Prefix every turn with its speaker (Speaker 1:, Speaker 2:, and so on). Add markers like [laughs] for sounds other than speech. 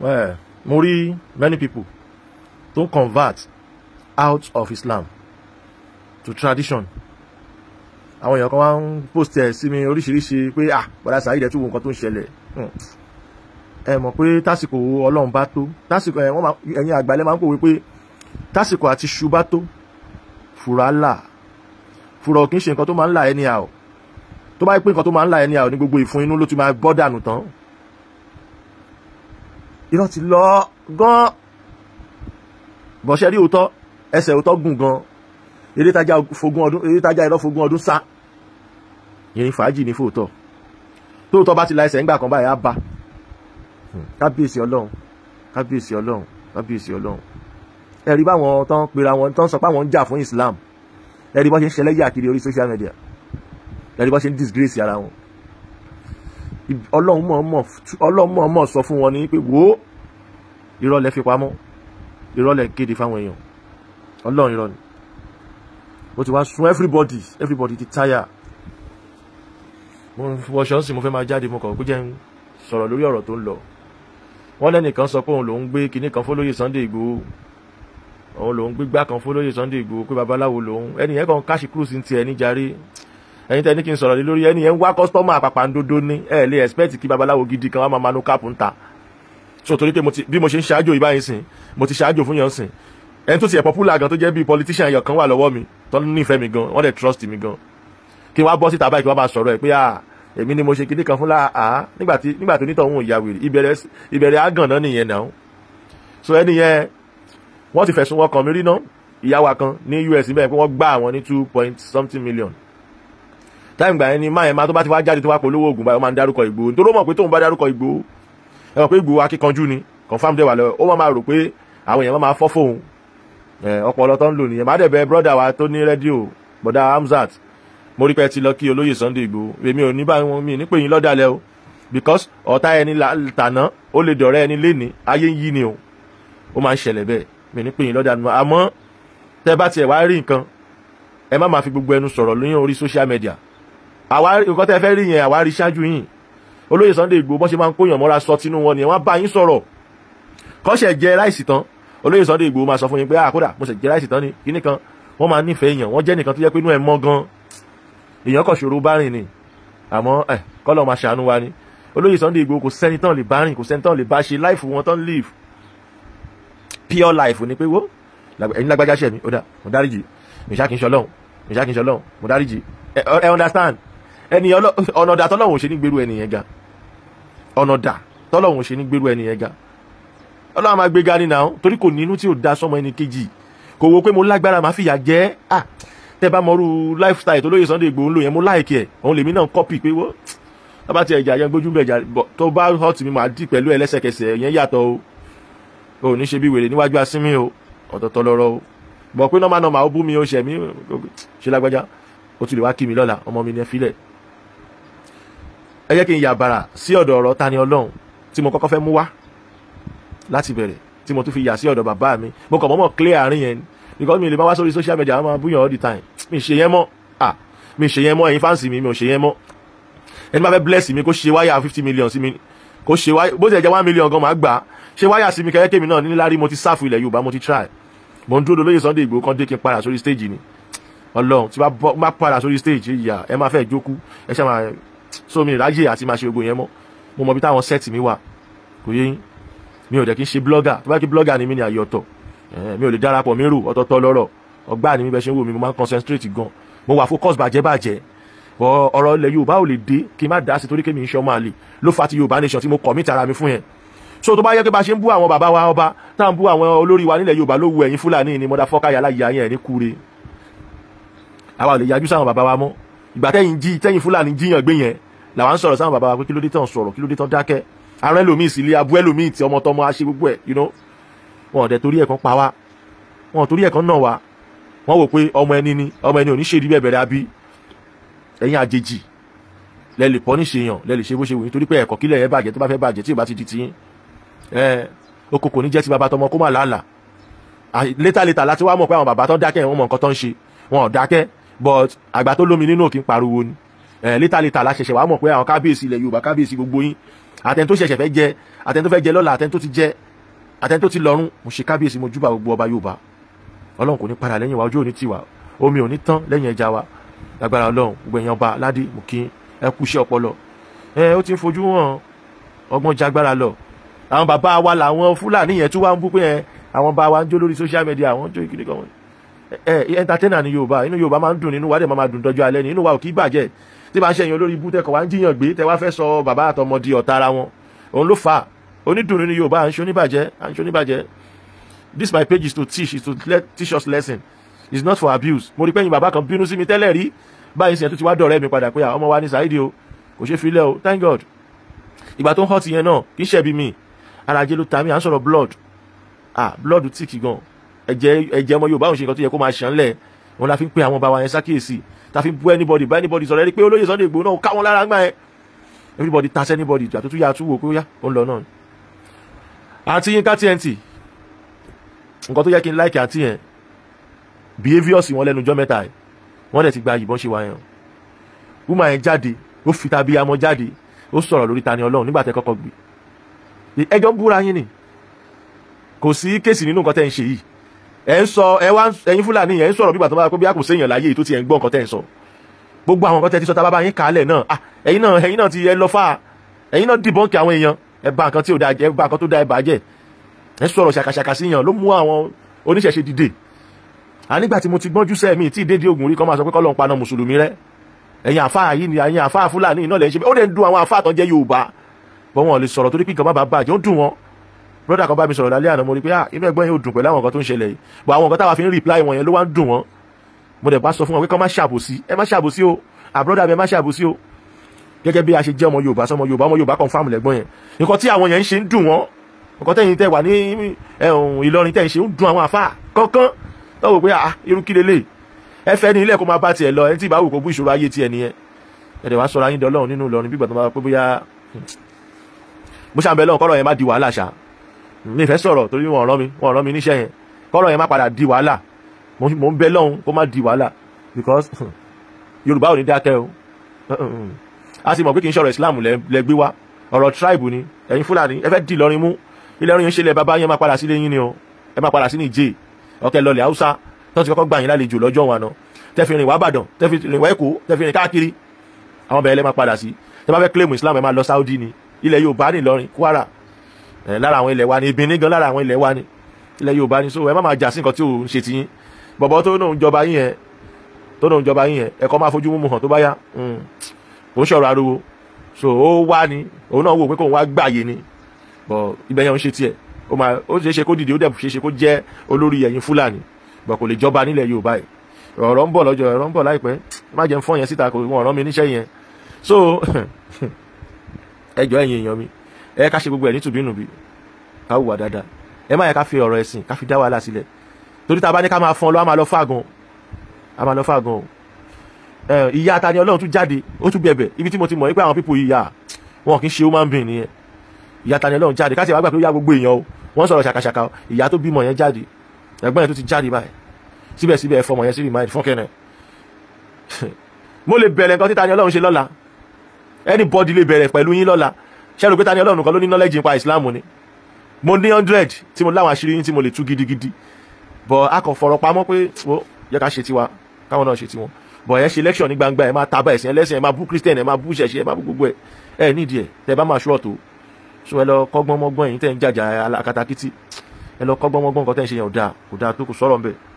Speaker 1: Where, mo many people don't convert out of Islam to tradition àwọn èèyàn kan wá ń post ẹ̀ sí mi oríṣiríṣi pé ah bọ́dá sàyídẹ̀ tún wo nǹkan tó ń ṣẹlẹ̀ hmm. ẹ mọ̀ pé tásìkò ọlọ́run bá tó tásìkò ẹ̀yin àgbàlẹ̀ máa ń pòwe pé tásìkò àti ṣu bá tó fura là fura ò kì í ṣe nǹkan tó máa ń là ẹni à ò tó bá yẹ pé nǹkan tó máa ń là ẹni à ò ní gbogbo ìfun inú ló ti máa gbọ́ dànù tán irọ́ ti lọ gan bọ̀ṣẹ́ rí òótọ́ ẹsẹ̀ òótọ́ gùn gan eré tájà fogún ọdún eré tájà irọ́ fogún ọdún sá yẹn fàájì ní fòótọ́ tóòtọ́ bá ti la ẹsẹ̀ ńgbà kan báyìí á ba hmm, kábíyèsí ọlọ́run kábíyèsí ọlọ́run kábíyèsí ọlọ́run ẹ̀rí báwọn tán pera wọn tán sọ pé àwọn ń jà fún Islam ẹ̀rí bọ́n ṣe ń ṣẹlẹ́yà kiri orí social media ẹ̀rí bọ́n ṣe ń disgrace ara wọn ọlọ́run mọ̀ mọ̀ sọ fún wọn ní pé wo irọ́ fi pamọ́ irọ́ kéde fáwọn èèyàn ọlọ́run irọ́ ni mo ti wá sun everybody everybody ti tire mo wọṣọ sí mo fẹ́ máa jáde mo kàn pé jẹ́ ń sọ̀rọ̀ lórí ọ̀rọ̀ tó ń lọ wọ́n lẹ́nìkan sọ pé òun lòún gbé kinní kan fólóyè Sunday Igboho òun lòún gbégbá kan fólóyè Sunday Igboho pé babaláwo lòún ẹnìyẹn kan káṣí kúrò sí ti ẹ níjàre ẹ̀yin tẹ́ ní kí n sọ̀rọ̀ lé lórí ẹni yẹn ń wá kọ́sítọ́mù àpàpàǹdodo ní ẹ̀ lè expect kí babaláwo gidi kan wá máa manú káàpù ń ta so torí pé bí mo ṣe ń ṣáájò ìbáyìí sìn mo ti ṣáájò fún yàn sìn ẹni tó ti ẹ̀ popular gan tó jẹ́ bíi politician yọ̀ kan wà lọ́wọ́ mi tó nífẹ̀ẹ́ mi gan wọ́n dẹ̀ trust mi gan kí wọ́n á bọ́ síta báyìí kí wọ́n bá sọ̀rọ̀ ẹ̀ pé à ah, èmi ni mo ṣe kinní kan fún láà nígbà tó nítọ̀ òun so ẹni yẹn wọ́n ti fẹ̀sùn wọn kàn mí rí náà ìyá wa kan ní US bẹ́ẹ̀ two point something million táyìn gbà yẹn ni máa yẹn máa tó bá ti wá jáde tó wá polówó oògùn báyìí ó máa ń dárúkọ Ìgbòho nítorí ó mọ̀ pé tóun bá dárúkọ Ìgbòho ẹ mọ̀ pé Ìgbòho akíkanjú ni confam dẹ̀ wà lọ ó máa rò pé àwọn èèyàn máa fọ́ fóun ọpọlọ tó ń lò nìyẹn má dẹ̀ bẹ brọ́dà wa tó ní rédíò bọ̀dà Hamzat mo rí ti lọ kí olóyè Sunday Ìgbòho èmi ò ní báyìí mi ní yín lọ́dàlẹ̀ o because ọ̀tá ẹni tàná ó lè dọ̀rẹ́ ni o ó máa ń ṣẹlẹ̀ bẹ́ẹ̀ mi ní pé yín lọ́dàlẹ̀ àmọ́ tẹ bá tiẹ̀ ẹ má máa fi gbogbo ẹnu sọ̀rọ̀ lóyún orí social media àwa nǹkan tẹ́ fẹ́ rí yẹn àwa rí ṣáájú yìí olóyè Sunday Igboho bọ́n ṣe máa ń kóyàn mọ́ra sọ tinú wọn nìyẹn wọ́n bá yín sọ̀rọ̀ kọ́ṣẹ̀ jẹ láìsí tán olóyè Sunday Igboho máa sọ fún yín pé àkódà ah, mo ṣẹ̀ jẹ láìsí tán ni kíní kan wọ́n máa nífẹ̀ẹ́ èèyàn wọ́n jẹ́ nìkan tó jẹ́ pé inú ẹ̀ mọ́ gan èèyàn kò ṣòro bá rìn ni àmọ́ ẹ̀ eh, kọ́lọ̀ máa ṣàánú wa ni olóyè Sunday Igboho kò sẹ́ni tán lè bá rìn kò sẹ́ni tán lè bá ṣe life ẹni ọ̀nà ọ̀dà tọ́lọ́hún ṣe ní gbèrú ẹni yẹn ga ọ̀nà tọ́lọ́hún ṣe ní gbèrú ẹni ga ọlọ́run máa gbé ga ni náà torí kò nínú tí ò da sọmọ ẹni kejì kò wo pé mo lágbára máa fìyà jẹ ah tẹ bá mọrú lifestyle tó lóye Sunday Igboho ń lò yẹn mo láìkì ẹ òun lèmi náà kọ́pì pé wọ́n tábà tí ẹja yẹn gbójú bẹ̀jà tó bá hot mi máa dì pẹ̀lú ẹlẹ́sẹ̀kẹsẹ̀ yẹn yàtọ̀ o ò ní ṣe bí wèrè níwájú asínmí o ọ̀tọ̀ọ̀tọ̀ lọ́rọ̀ o bọ̀ pé nọ́mà nọ́mà ó bú mi ó ṣẹ̀ ṣe lágbájá ó tún lè wá kí mi lọ́la ọmọ mi ní ẹ filẹ̀ ẹ jẹ́ kí n yàbàrà sí ọ̀dọ̀ ọ̀rọ̀ ta ni ọlọ́run tí mo kọ́kọ́ fẹ́ mú wá láti bẹ̀rẹ̀ tí mo tún fi yà sí ọ̀dọ̀ bàbá mi mo kàn mọ́mọ́ clear àárín yẹn because mi lè bá wá sórí social media àwọn máa búyàn all the time mi ṣe yẹn mọ́ ah mi ṣe yẹn mọ́ ẹ̀yin fáǹsì mi mi ò ṣe yẹn mọ́ ẹni bá fẹ́ bless mi kó ṣe wáyà fifty million sí mi kó ṣe wáyà bó ti jẹ́ one million gan máa gbà ṣe wáyà sí mi kẹ́kẹ́ kémi náà nílárí mo ti sáfù ilẹ̀ Yorùbá mo ti try mo ń dúró lóye Sunday Igboho kan dé kí n padà sórí stage ni Ọlọ́run tí bá padà sórí stage yìí yà ẹ máa fẹ́ jókú ẹ ṣe máa so mi ráyè àti máa ṣe gbogbo yẹn mọ́ mo mọ bí táwọn sẹ́ẹ̀tì mi wà kò yé yín mi ò dẹ̀ kí n ṣe blogger tó bá kí blogger ni mi ní àyè ọ̀tọ̀ mi ò lè darapọ̀ mi rù ọ̀tọ̀ọ̀tọ̀ lọ́rọ̀ ọgbà ni mi bẹ ṣe ń wò mí mo máa ń concentrate gan mo wà focus bàjẹ́ bàjẹ́ ọ̀rọ̀ ilẹ̀ Yorùbá ò lè dé kí n má dá sí torí kémi ń ṣe ọmọ ló fa ti Yorùbá nation tí mo commit ara mi fún yẹn so tó bá yẹ kí bá ṣe ń bú àwọn bàbá wa ọba tá à ń bú àwọn olórí wa nílẹ̀ Yorùbá ló wu ẹ̀yin Fúlàní ni mọ́dá fọ́ká yàrá ìyá yẹn ní kúre àwa ò lè yájú sáwọn bàbá wa mọ́ ìgbà tẹ́yìn jí tẹ́yìn Fúlàní jíyàn gbé yẹn làwọn sọ̀rọ̀ sáwọn bàbá wa pé kí ló dé tán sọ̀rọ̀ kí ló dé tán dákẹ́ ara ẹlòmíì sí ilé abú ẹlòmíì tí ọmọ tọmọ aṣẹ gbogbo ẹ you know wọn ò dẹ torí ẹ̀kan pa wá wọn ò torí ẹ̀kan náà wá wọn wò pé ọmọ ẹni ni ọmọ ẹni ò ní ṣèdí bẹ̀bẹ̀rẹ̀ abí ẹ̀yin àjèjì lẹ lè pọ́ ní ṣèyàn lẹ lè ṣe bó ṣe wù yín torí pé ẹ̀kọ́ kílẹ̀ yẹn bàjẹ́ tó bá fẹ́ bàjẹ́ tí ò bá ti di tiyín ẹ oko ní jẹ́ ti bàbá tọmọ kó má làálà létà láti wá mọ̀ pé àwọn bàbá tán dákẹ́ wọn mọ̀ nǹkan tán ń ṣe wọn ò dákẹ́ but àgbà tó lómi nínú òkè ń pariwo ni Eh, létà létà la ṣẹ̀ṣẹ̀ wàá mọ̀ pé àwọn kábíyèsí ilẹ̀ yorùbá kábíyèsí gbogbo yín àtẹni tó ṣẹ̀ṣẹ̀ fẹ́ jẹ àtẹni tó fẹ́ jẹ lọ́la àtẹni tó ti jẹ àtẹni tó ti lọ́rùn mo ṣe kábíyèsí mo júbà gbogbo ọba yorùbá ọlọ́run kò ní padà lẹ́yìn wa ojú ò ní tiwa omi ò ní tán lẹ́yìn ẹja wa lágbára ọlọ́run gbogbo èèyàn ọba ládé mo kí ẹ kú iṣẹ́ ọpọlọ ẹ ó ti ń fojú hàn ọgbọ́n jagbára lọ àwọn bàbá wa làwọn fúlàní yẹn tún wá ń bú pé àwọn bá wa ń jó lórí social media àwọn jó ìkíní kan wọ́n ẹ eh, eh, entertainer ni yorùbá inú yorùbá máa ń dùn nínú wa dẹ̀ máa dùn dọjọ́ alẹ́ ni inú wa ò kí bàjẹ́ tí bá ń ṣẹ̀yìn olórí ibú tẹ́kọ̀ wá ń jiyàn gbé tẹ́ wá fẹ́ sọ bàbá àtọmọ di ọ̀tá ara wọn òun ló fà á onídùn nínú yorùbá à ń ṣoníbàjẹ́ à ń ṣoníbàjẹ́ this my page is to teach is to let, teach us lesson Is not for abuse mo rí pẹ́yìn bàbá kan bínú sí mi tẹ́lẹ̀ rí báyìí sìn ẹ̀ tó ti wá dọ̀rẹ́ mi padà pé ah, ọmọ wa ní Saheed o kò ṣe filẹ̀ o thank God ìgbà tó ń hot yẹn náà kì í ṣẹ̀bi mi ara ajé ló ta mí à ń sọ̀rọ̀ blood ah blood tíkì gan-an ẹ̀jẹ̀ ẹ̀jẹ̀ ọmọ Yorùbá òun ṣe nǹkan tó yẹ kó máa ṣàn lẹ̀ wọn la fi ń pe àwọn bàbá yẹn sákèsì ta fi ń bú anybody bá anybody sọ̀rọ̀ ẹni pé olóyè Sunday Igboho náà káwọn lára gbà yẹn everybody tas anybody ìjà tó tún yà á tún wò pé ó yá ó ń lọ náà. àti Yinka TNT nǹkan tó yẹ kí n láìkì àti yẹn behaviours wọn lẹ́nu jọ́ mẹ́ta yìí wọ́n dẹ̀ ti gba ìbọn ṣe wa yẹn yẹn jáde ó fi tàbí amọ jáde ó sọ̀rọ̀ lórí Tani Olohun nígbà tẹ́ kọ́kọ́ gbé ẹjọ́ ń búra yín ni kò sí kéèsì nínú nǹkan tẹ́ ń ṣe yìí ẹ ń sọ ẹ wá ẹ̀yin fúlàní yẹn ń sọ̀rọ̀ bíbà tó bá kó bí a kò séèyàn láyé èyí tó ti ẹ̀ ń gbọ́ nǹkan tẹ́ ń sọ gbogbo àwọn nǹkan tẹ́ ti sọ tá yín kálẹ̀ náà ah ẹ̀yin náà ẹ̀yin náà ti ẹ lọ fà á ẹ̀yin náà dìbọ́ǹkì àwọn èèyàn ẹ bà nǹkan tí ò da ẹ bà nǹkan tó da ẹ bàjẹ́ ẹ sọ̀rọ̀ ṣàkàṣàkà sí yàn ló mú àwọn oníṣẹ̀ṣe dìde ànígbà tí mo ti gbọ́njú sẹ́mi tí ìdédé ogun rí kan máa sọ pé kọ́ ló paná mùsùlùmí rẹ́ ẹ̀yin àfáà yìí ni ẹ̀yin àfáà fúlàní iná lẹ̀ ṣe bẹ́ẹ̀ ó dẹ̀ dùn àwọn àfáà tó jẹ́ yorùbá bọ́n wọn lè sọ̀rọ̀ torí pé nǹkan bá bàjẹ́ ó dùn wọn brother kan bá mi sọ̀rọ̀ lálẹ́ àná mo rí pé ah ibẹ̀ gbọ́n yóò dùn pẹ̀lú àwọn nǹkan tó ń ṣẹlẹ̀ yìí but àwọn nǹkan táwa fi ń reply wọn yẹn ló wá ń dùn wọn mo dẹ̀ bá sọ fún wọn pé kọ́ má ṣàbòsí ẹ má ṣàbòsí o àbúrọ́dà mi ẹ má ṣàbòsí o gẹ́gẹ́ bí a ṣe jẹ́ ọmọ Yorùbá sọmọ Yorùbá ọmọ Yorùbá confam lẹ́gbọ́n yẹn nǹkan tí àwọn yẹn ń ṣe ń dùn wọn nǹkan tẹ̀yìn tẹ̀ wà ní Ìlọrin tẹ̀ ń ṣe ń dùn àwọn àfáà kankan tọ́wọ́ pé ah, ah irú kí lélẹ̀ ẹ fẹ́ ní ilé ẹ̀kọ́ máa bá tiẹ̀ lọ ẹni tí ìbáwò kò bú ìṣòro ayé tiẹ̀ nìyẹn ẹ̀dẹ̀ wá sọ̀rọ̀ ayé dọ́lọ́run nínú Ìlọrin bí ìgbà tó máa pé bóyá hmm. mo ṣàǹbẹ̀ mi fẹ́ sọ̀rọ̀ torí wọn ọ̀rọ̀ mi wọn ọ̀rọ̀ mi níṣẹ́ yẹn kọ́rọ̀ yẹn má padà di wàhálà mo ń bẹ lọ́hùn kó má di wàhálà because hmm, yorùbá ò ní dákẹ́ o hmm, hmm, a sì mọ̀ pé kì í ṣọ̀rọ̀ islam lẹ gbé wá ọ̀rọ̀ tribe ni ẹ̀yin fúlàní ẹ fẹ́ dì lọ́rin mú ilé ẹ̀rin yẹn ṣe lẹ bàbá yẹn má padà sílé yín ni o ẹ má padà sí ní ìjẹ́ ọ̀kẹ́ lọlẹ̀ haúsá tó ti kọ́kọ́ gbà yín lálejò lọ́jọ́ wọn àná tẹ́fi rìn wá bàdàn tẹ́fi rìn wá èkó tẹ́fi rìn káàkiri àwọn bẹ̀rẹ̀ lẹ́ má padà sí tẹ́ fẹ́ claim islam ẹ má lọ saudi ni ilẹ̀ yorùbá ní ìlọrin kwara Eh, lára àwọn ilẹ̀ wa ni Benin gan lára àwọn ilẹ̀ wa ni ilẹ̀ Yorùbá ni so ẹ má máa jà sí nǹkan tí ò ń ṣe ti yín bọ̀bọ̀ tó náà ń jọba yín yẹn tó náà ń jọba yín yẹn ẹ̀kọ́ máa fojú múmu hàn tó bá yá hmm, kò ń ṣọ̀rọ̀ ariwo so ó wá ni òun náà wò pé kóun wá gbàyè ni bọ̀ ibẹ̀ yẹn ń ṣe tiẹ̀ ó máa ó ṣeé ṣe kó dìde ó dẹ̀ ṣeé ṣe kó jẹ́ olórí ẹ̀yìn Fúlàní bọ̀ kò lè jọba nílẹ̀ Yorùbá yìí ọ̀rọ̀ so [laughs] ẹjọ́ ẹ̀yin ẹ ká ṣe gbogbo ẹ̀ ní tùbínùbí ká hùwà dáadáa ẹ má yẹ ká fi ọ̀rọ̀ ẹ̀sìn ká fi dá wàhálà sílẹ̀ torí tá a bá ní ká máa fọn lọ á máa lọ fàgàn á máa lọ fàgàn o ìyá ta ni ọlọ́run tún jáde ó tún bẹ̀bẹ̀ ibi tí mo ti mọ̀ wípé àwọn pípò ìyá wọn kì í ṣe human being nìyẹn ìyá ta ni ọlọ́run jáde káṣí ìwágbà pé ó yá gbogbo èèyàn o wọ́n sọ̀rọ̀ ṣàkàṣàkà o ìyá tó bímọ yẹn jáde ẹ̀gbọ́n yẹn tó ti jáde báyìí síbẹ̀síbẹ̀ ẹ̀fọ́ mọ̀ yẹn sí remind [laughs] mo lè bẹ̀rẹ̀ nǹkan títa anybody lè bẹ̀rẹ̀ pẹ̀lú yín lọ́la ṣẹ́rù pé ta ni ọlọ́run kan ló ní knowledge nípa islam ni mo ní hundred tí mo láwọn àṣírí yín tí mo lè tú gidigidi bọ̀ a kàn fọ̀rọ̀ pamọ́ pé wo yẹ ká ṣe tiwa káwọn náà ṣe tiwọn bọ̀ ẹ ṣe election ní gbangba ẹ máa taba ẹ̀sìn ẹlẹ́sìn ẹ máa bú christian ẹ máa bú ṣẹ̀ṣẹ̀ ẹ máa bú gbogbo ẹ ẹ nídìí ẹ tẹ bá máa ṣúrọ̀ tó so ẹ lọ kọ́gbọ́n mọ́gbọ́n yìí tẹ̀ ń jàjà alákatakítí ẹ lọ kọ́gbọ́n mọ́gbọ́n nǹkan tẹ̀ ń ṣe yẹn ò dáa kò dáa tó kò sọ̀rọ̀ bẹ́ẹ̀